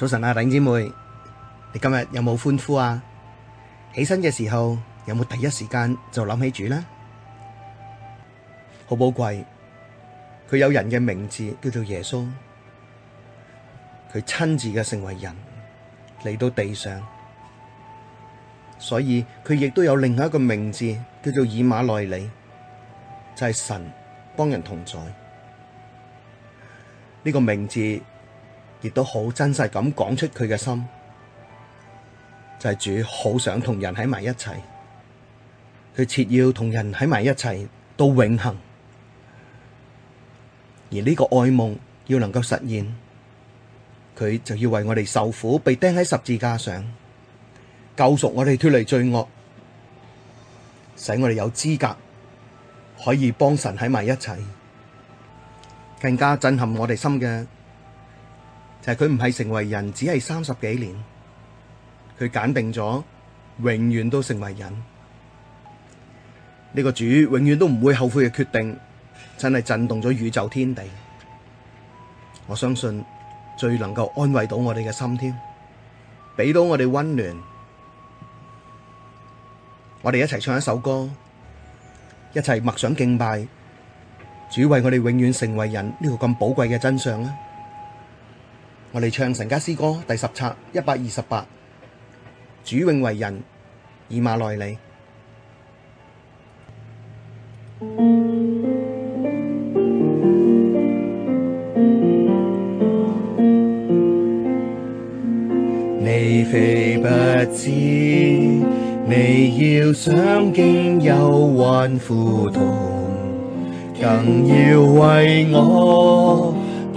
早晨啊，頂姐妹，你今日有冇歡呼啊？起身嘅時候有冇第一時間就諗起主呢？好寶貴，佢有人嘅名字叫做耶穌，佢親自嘅成為人嚟到地上，所以佢亦都有另外一個名字叫做以馬內利，就係神幫人同在呢個名字。亦都好真實咁講出佢嘅心，就係主好想同人喺埋一齊，佢切要同人喺埋一齊到永恆，而呢個愛夢要能夠實現，佢就要為我哋受苦，被釘喺十字架上，救贖我哋脫離罪惡，使我哋有資格可以幫神喺埋一齊，更加震撼我哋心嘅。就係佢唔係成為人，只係三十幾年，佢揀定咗永遠都成為人。呢個主永遠都唔會後悔嘅決定，真係震動咗宇宙天地。我相信最能夠安慰到我哋嘅心添，俾到我哋溫暖。我哋一齊唱一首歌，一齊默想敬拜主，為我哋永遠成為人呢個咁寶貴嘅真相啊！我哋唱《神家詩歌》第十冊一百二十八，主永為人以馬內利，你非不知，你要常經憂患苦痛，更要為我。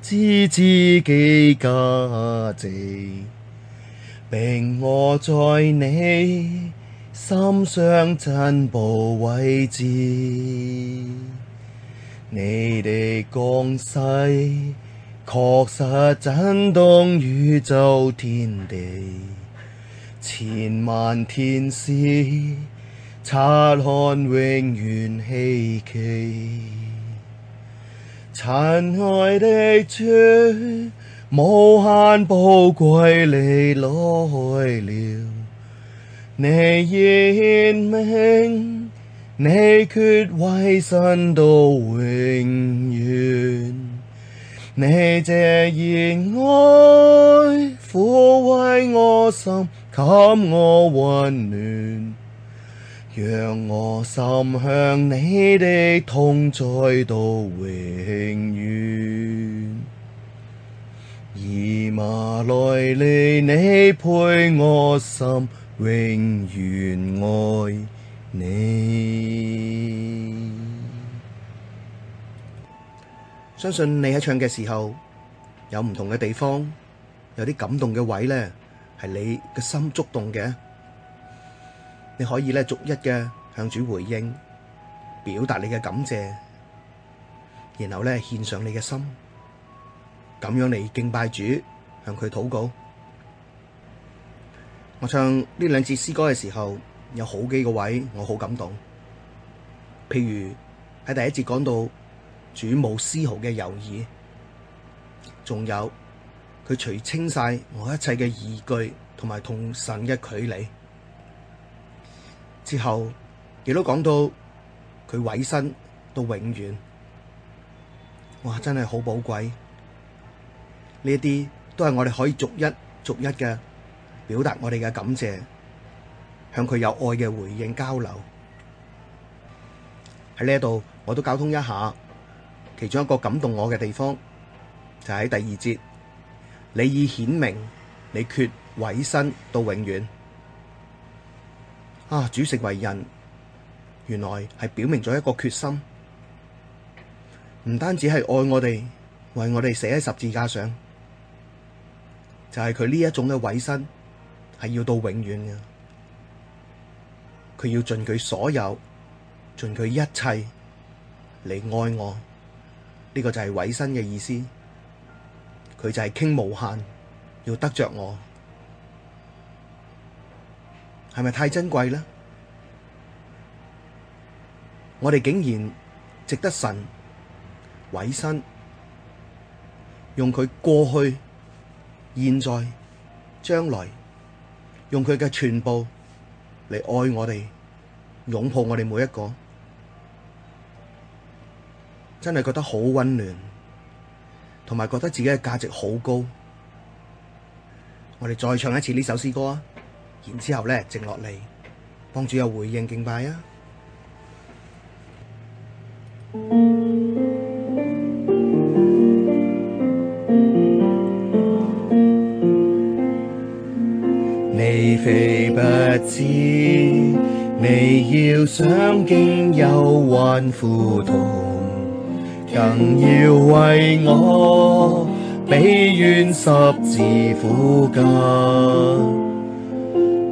知自己價值，並我在你心上珍寶位置，你的降世確實震動宇宙、天地，千萬天使察看、永遠希奇。親愛的主，無限寶貴，你來了，你已顯明，你決委身到永遠，你這熱愛撫慰我心，給我溫暖。讓我深享你的同在，到永遠。以馬內利，你配我心，永遠愛你。相信你喺唱嘅時候，有唔同嘅地方，有啲感動嘅位呢，係你嘅心觸動嘅。你可以咧逐一嘅，向主回應，表達你嘅感謝，然後咧獻上你嘅心，咁樣嚟敬拜主，向佢禱告。我唱呢兩節詩歌嘅時候，有好幾個位我好感動，譬如喺第一節講到主冇絲毫嘅猶豫，仲有佢除清晒我一切嘅疑懼，同埋同神嘅距離。之後，亦都講到佢委身到永遠，哇，真係好寶貴。呢啲都係我哋可以逐一逐一嘅表達我哋嘅感謝，向佢有愛嘅回應交流。喺呢一度，我都交通一下，其中一個感動我嘅地方就喺第二節，你已顯明，你決委身到永遠。啊！主永為人，原來係表明咗一個決心，唔單止係愛我哋，為我哋寫喺十字架上，就係佢呢一種嘅委身，係要到永遠嘅。佢要盡佢所有，盡佢一切嚟愛我，呢、這個就係委身嘅意思。佢就係傾無限，要得着我。係咪太珍貴咧？我哋竟然值得神委身，用佢過去、現在、將來，用佢嘅全部嚟愛我哋，擁抱我哋每一個，真係覺得好溫暖，同埋覺得自己嘅價值好高。我哋再唱一次呢首詩歌啊！然之後呢，靜落嚟，幫主有回應敬拜啊！你非不知，你要常經憂患苦痛，更要為我，被懸十字苦架。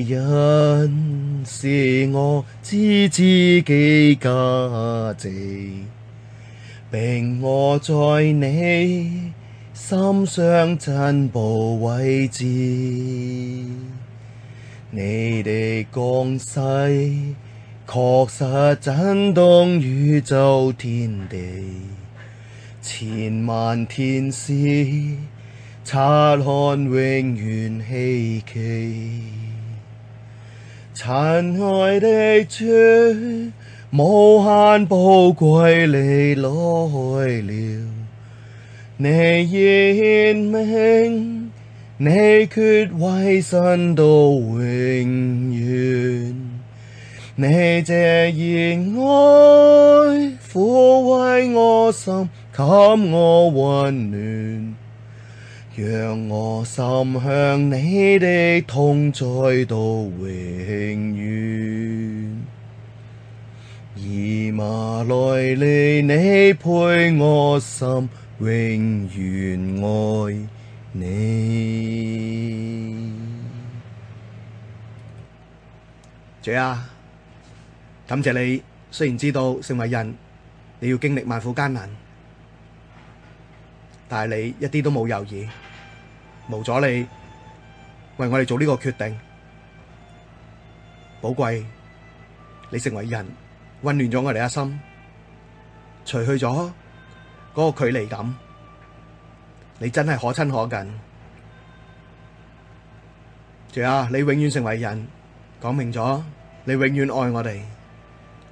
人，使我知自己價值，並我在你心上珍寶位置，你的降世確實震動宇宙、天地，千萬天使察看、永遠希奇。親愛的主，無限寶貴你來了，你顯明。你決委身到永遠，你這熱愛撫慰我心，給我溫暖。讓我深享你的同在到永遠。以馬內利，你配我心，永遠愛你。主啊，感謝你。雖然知道成為人，你要經歷萬苦艱難。但係你一啲都冇猶豫，無阻你為我哋做呢個決定，寶貴，你成為人溫暖咗我哋嘅心，除去咗嗰個距離感，你真係可親可近。仲有，你永遠成為人，講明咗你永遠愛我哋，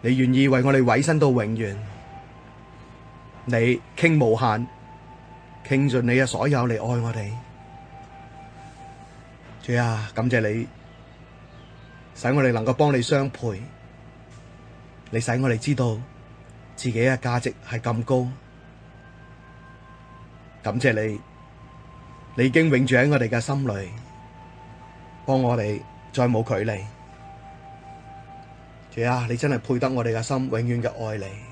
你願意為我哋委身到永遠，你傾無限。傾盡你嘅所有嚟愛我哋，主啊，感謝你，使我哋能夠幫你相配，你使我哋知道自己嘅價值係咁高，感謝你，你已經永住喺我哋嘅心裏，幫我哋再冇距離，主啊，你真係配得我哋嘅心永遠嘅愛你。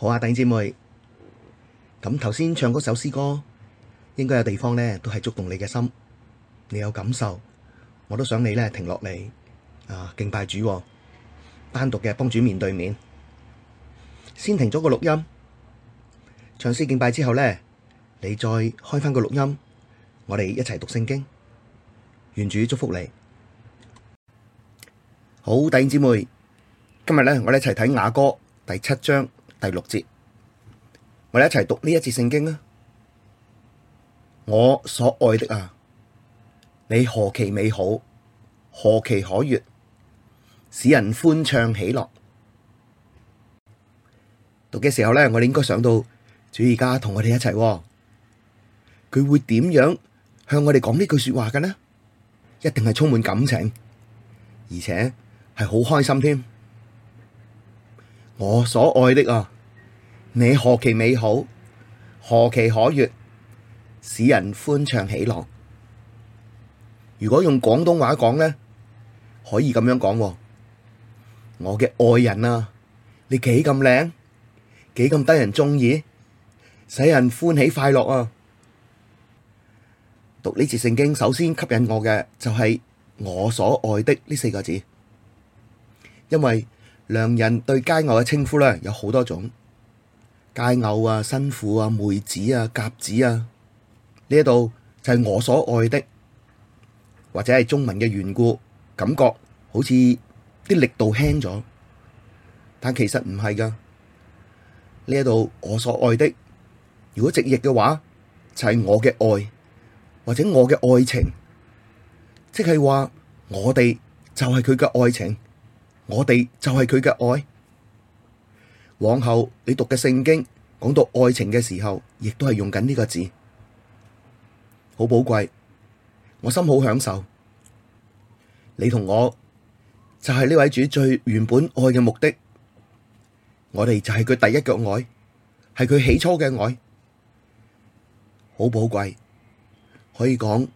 好啊，弟兄姊妹，咁頭先唱嗰首詩歌，應該有地方呢都係觸動你嘅心，你有感受，我都想你呢停落嚟啊，敬拜主，單獨嘅幫主面對面，先停咗個錄音，唱詩敬拜之後呢，你再開返個錄音，我哋一齊讀聖經，願主祝福你。好，弟兄姊妹，今日呢我哋一齊睇雅歌第七章。第六節，我哋一齊讀呢一節聖經啦。我所愛的啊，你何其美好，何其可悅，使人歡暢喜樂。讀嘅時候咧，我哋應該想到主而家同我哋一齊，佢會點樣向我哋講呢句說話嘅呢？一定係充滿感情，而且係好開心添。我所愛的啊，你何其美好，何其可悅，使人歡暢喜樂。如果用廣東話講呢，可以咁樣講，我嘅愛人啊，你幾咁靚，幾咁得人鍾意，使人歡喜快樂啊！讀呢節聖經，首先吸引我嘅就係我所愛的呢四個字，因為。良人對佳偶嘅稱呼咧，有好多種，佳偶啊、新婦啊、妹子啊、鴿子啊，呢一度就係我所愛的，或者係中文嘅緣故，感覺好似啲力度輕咗，但其實唔係㗎。呢一度我所愛的，如果直譯嘅話，就係我嘅愛，或者我嘅愛情，即係話我哋就係佢嘅愛情。我哋就係佢嘅愛，往後你讀嘅聖經講到愛情嘅時候，亦都係用緊呢個字，好寶貴，我心好享受。你同我就係呢位主最原本愛嘅目的，我哋就係佢第一個愛，係佢起初嘅愛，好寶貴，可以講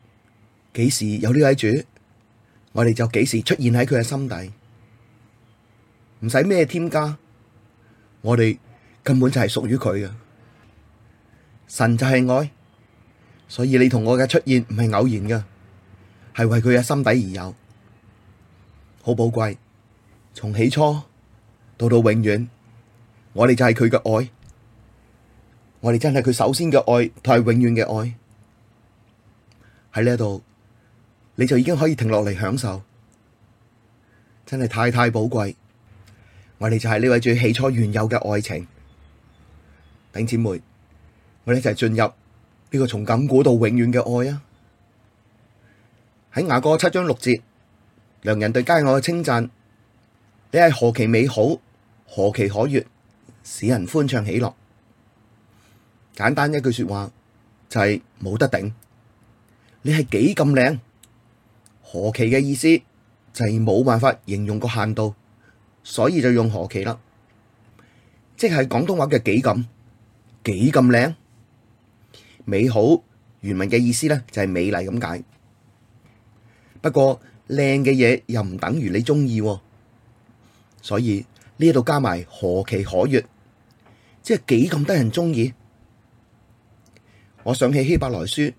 幾時有呢位主，我哋就幾時出現喺佢嘅心底。唔使咩添加，我哋根本就係屬於佢嘅。神就係愛，所以你同我嘅出現唔係偶然㗎，係為佢嘅心底而有，好寶貴。從起初到到永遠，我哋就係佢嘅愛，我哋真係佢首先嘅愛，同係永遠嘅愛。喺呢度，你就已經可以停落嚟享受，真係太太寶貴。我哋就係呢位最起初原有嘅愛情。頂姐妹，我哋一齊進入呢個從亙古到永遠嘅愛啊！喺雅歌七章六節，良人對佳偶嘅稱讚，你係何其美好，何其可悅，使人歡暢喜樂。簡單一句說話就係冇得頂，你係幾咁靚？何其嘅意思就係冇辦法形容個限度。所以就用何其啦，即係廣東話嘅幾咁幾咁靚，美好原文嘅意思咧就係、是、美麗咁解。不過靚嘅嘢又唔等於你中意，啊，所以呢度加埋何其可悅，即係幾咁得人中意。我想起希伯來書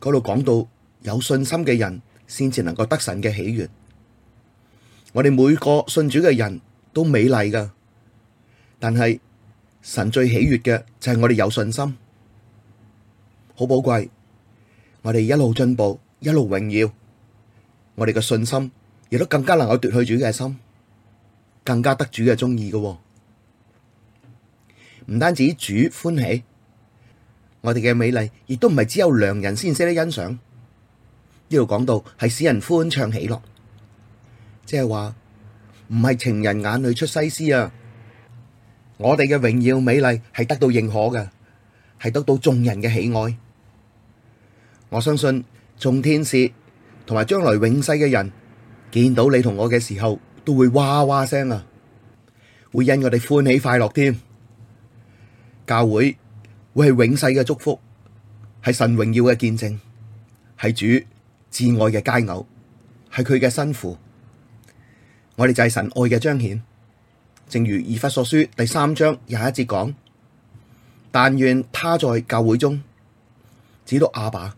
嗰度講到有信心嘅人先至能夠得神嘅喜悅。我哋每個信主嘅人都美麗噶，但係神最喜悦嘅就係我哋有信心，好寶貴。我哋一路進步，一路榮耀，我哋嘅信心亦都更加能夠奪去主嘅心，更加得主嘅鍾意嘅。唔單止主歡喜，我哋嘅美麗亦都唔係只有良人先識得欣賞。呢度講到係使人歡暢喜樂。即係話，唔係情人眼裏出西施啊！我哋嘅榮耀美麗係得到認可嘅，係得到眾人嘅喜愛。我相信眾天使同埋將來永世嘅人見到你同我嘅時候，都會哇哇聲啊！會因我哋歡喜快樂添。教會會係永世嘅祝福，係神榮耀嘅見證，係主至愛嘅佳偶，係佢嘅新婦。我哋就係神愛嘅彰顯，正如以弗所書第三章廿一節講：但願他在教會中，指到阿爸，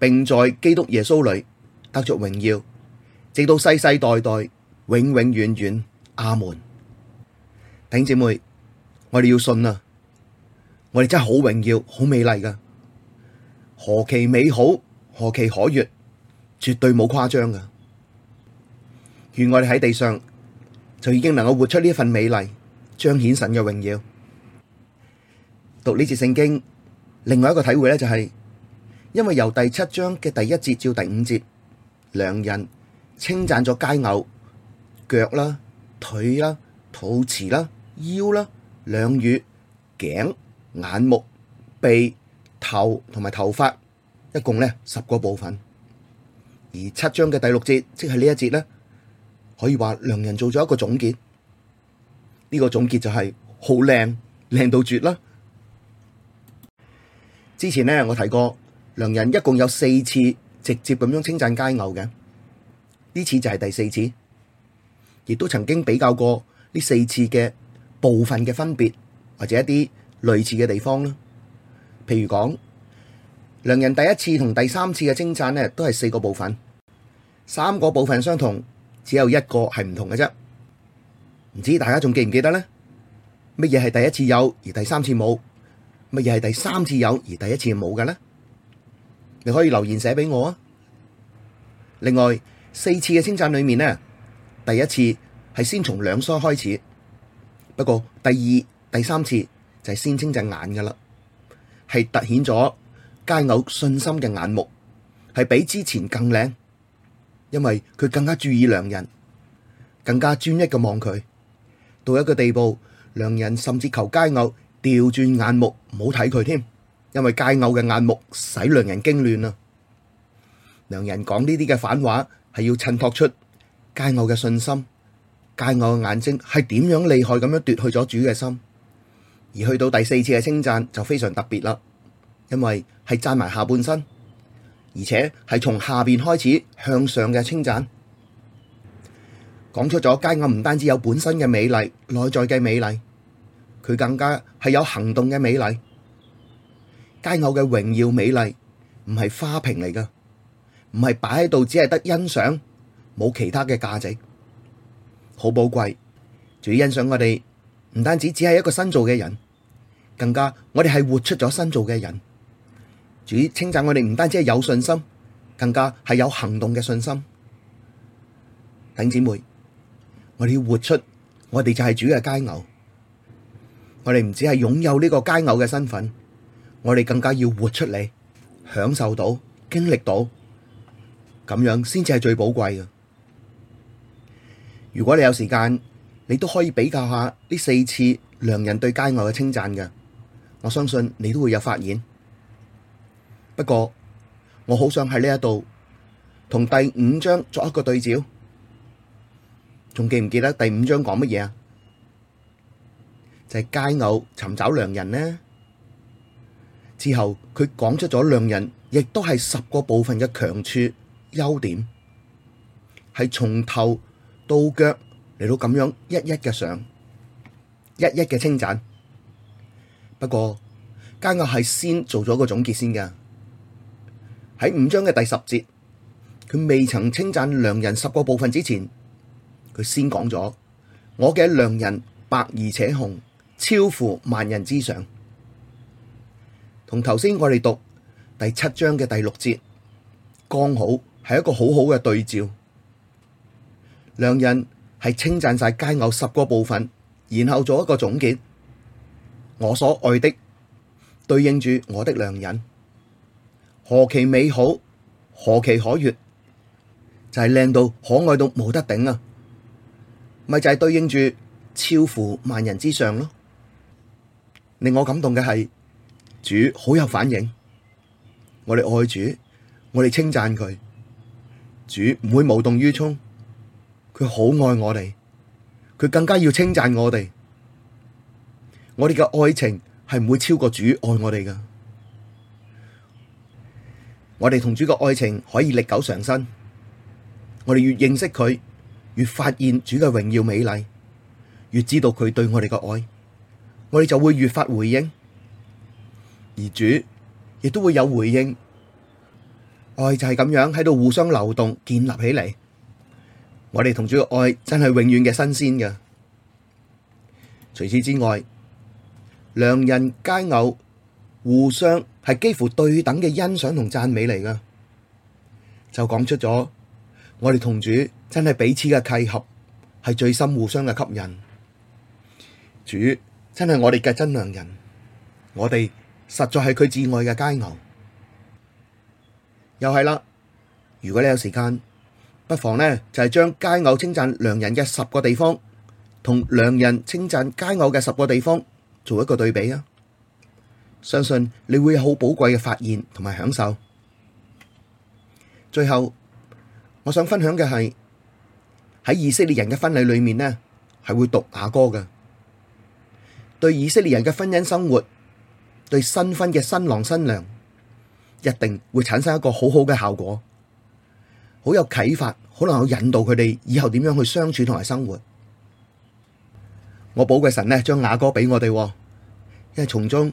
並在基督耶穌裏得着榮耀，直到世世代代永永遠遠，遠。阿門。弟兄姐妹，我哋要信啊！我哋真係好榮耀，好美麗噶，何其美好，何其可悅，絕對冇誇張噶。願我哋喺地上就已經能夠活出呢一份美麗，彰顯神嘅榮耀。讀呢節聖經，另外一個體會咧就係、是，因為由第七章嘅第一節至第五節，良人稱讚咗雞牛腳啦、腿啦、肚臍啦、腰啦、兩乳、頸、眼目、鼻、頭同埋頭髮，一共咧十個部分。而七章嘅第六節，即係呢一節咧。可以話，良人做咗一個總結。呢個總結就係好靚，靚到絕啦。之前呢，我提過良人一共有四次直接咁樣稱讚佳偶嘅，呢次就係第四次，亦都曾經比較過呢四次嘅部分嘅分別或者一啲類似嘅地方啦。譬如講，良人第一次同第三次嘅稱讚呢，都係四個部分，三個部分相同。只有一個係唔同嘅啫，唔知大家仲記唔記得呢？乜嘢係第一次有而第三次冇？乜嘢係第三次有而第一次冇嘅呢？你可以留言寫俾我啊！另外四次嘅稱讚裏面呢，第一次係先從兩腮開始，不過第二、第三次就係先稱讚眼嘅啦，係突顯咗佳偶信心嘅眼目，係比之前更靚。因為佢更加注意良人，更加專一嘅望佢，到一個地步，良人甚至求佳偶調轉眼目唔好睇佢添，因為佳偶嘅眼目使良人驚亂啊！良人講呢啲嘅反話係要襯托出佳偶嘅信心，佳偶嘅眼睛係點樣厲害咁樣奪去咗主嘅心，而去到第四次嘅稱讚就非常特別啦，因為係讚埋下半身。而且係從下邊開始向上嘅稱讚，講出咗佳偶唔單止有本身嘅美麗，內在嘅美麗，佢更加係有行動嘅美麗。佳偶嘅榮耀美麗唔係花瓶嚟噶，唔係擺喺度只係得欣賞，冇其他嘅價值，好寶貴。仲要欣賞我哋，唔單止只係一個新造嘅人，更加我哋係活出咗新造嘅人。主稱讚我哋唔單止係有信心，更加係有行動嘅信心。弟兄姊妹，我哋要活出我，我哋就係主嘅佳偶。我哋唔止係擁有呢個佳偶嘅身份，我哋更加要活出你，享受到、經歷到，咁樣先至係最寶貴嘅。如果你有時間，你都可以比較下呢四次良人對佳偶嘅稱讚嘅，我相信你都會有發現。不過，我好想喺呢一度同第五章作一個對照，仲記唔記得第五章講乜嘢啊？就係、是、佳偶尋找良人呢，之後佢講出咗良人，亦都係十個部分嘅強處優點，係從頭到腳嚟到咁樣一一嘅上，一一嘅稱讚。不過佳偶係先做咗個總結先噶。喺五章嘅第十節，佢未曾稱讚良人十個部分之前，佢先講咗，我嘅良人白而且紅，超乎萬人之上。同頭先我哋讀第七章嘅第六節，剛好係一個好好嘅對照。良人係稱讚晒佳偶十個部分，然後做一個總結。我所愛的，對應住我的良人。何其美好，何其可悅，就係靚到可愛到冇得頂啊！咪就係、是、對應住超乎萬人之上咯。令我感動嘅係，主好有反應，我哋愛主，我哋稱讚佢，主唔會無動於衷，佢好愛我哋，佢更加要稱讚我哋，我哋嘅愛情係唔會超過主愛我哋噶。我哋同主嘅愛情可以歷久常新，我哋越認識佢，越發現主嘅榮耀美麗，越知道佢對我哋嘅愛，我哋就會越發回應，而主亦都會有回應。愛就係咁樣喺度互相流動建立起嚟，我哋同主嘅愛真係永遠嘅新鮮嘅。除此之外，良人佳偶。互相係幾乎對等嘅欣賞同讚美嚟噶，就講出咗我哋同主真係彼此嘅契合，係最深互相嘅吸引。主真係我哋嘅真良人，我哋實在係佢至愛嘅佳偶。又係啦，如果你有時間，不妨呢，就係將佳偶稱讚良人嘅十個地方，同良人稱讚佳偶嘅十個地方做一個對比啊！相信你會有好寶貴嘅發現同埋享受。最後，我想分享嘅係喺以色列人嘅婚禮裏面呢，係會讀雅歌嘅。對以色列人嘅婚姻生活，對新婚嘅新郎新娘，一定會產生一個好好嘅效果，好有啟發，好能夠引導佢哋以後點樣去相處同埋生活。我寶貴神呢，將雅歌俾我哋，啊，因為從中。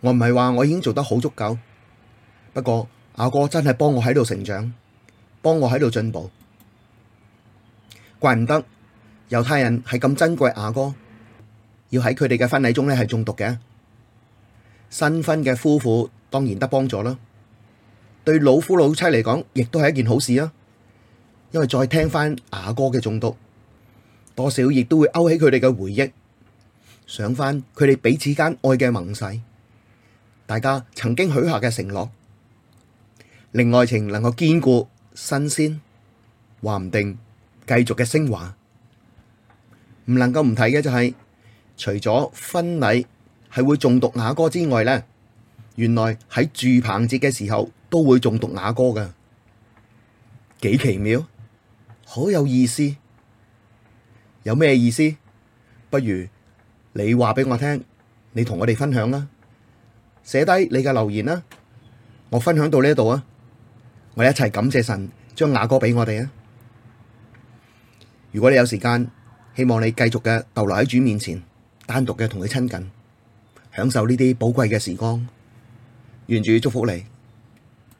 我唔係話我已經做得好足夠，不過雅歌真係幫我喺度成長，幫我喺度進步，怪唔得猶太人係咁珍貴雅歌，要喺佢哋嘅婚禮中咧係誦讀嘅，新婚嘅夫婦當然得幫助啦，對老夫老妻嚟講亦都係一件好事啦，因為再聽翻雅歌嘅誦讀，多少亦都會勾起佢哋嘅回憶，想翻佢哋彼此間愛嘅盟誓。大家曾經許下嘅承諾，令愛情能夠堅固新鮮，話唔定繼續嘅升華。唔能夠唔提嘅就係、是，除咗婚禮係會重讀雅歌之外咧，原來喺住棚節嘅時候都會重讀雅歌嘅，幾奇妙，好有意思。有咩意思？不如你話俾我聽，你同我哋分享啦。寫低你嘅留言啦，我分享到呢度啊，我哋一齊感謝神將雅歌畀我哋啊！如果你有時間，希望你繼續嘅逗留喺主面前，單獨嘅同佢親近，享受呢啲寶貴嘅時光。願主祝福你。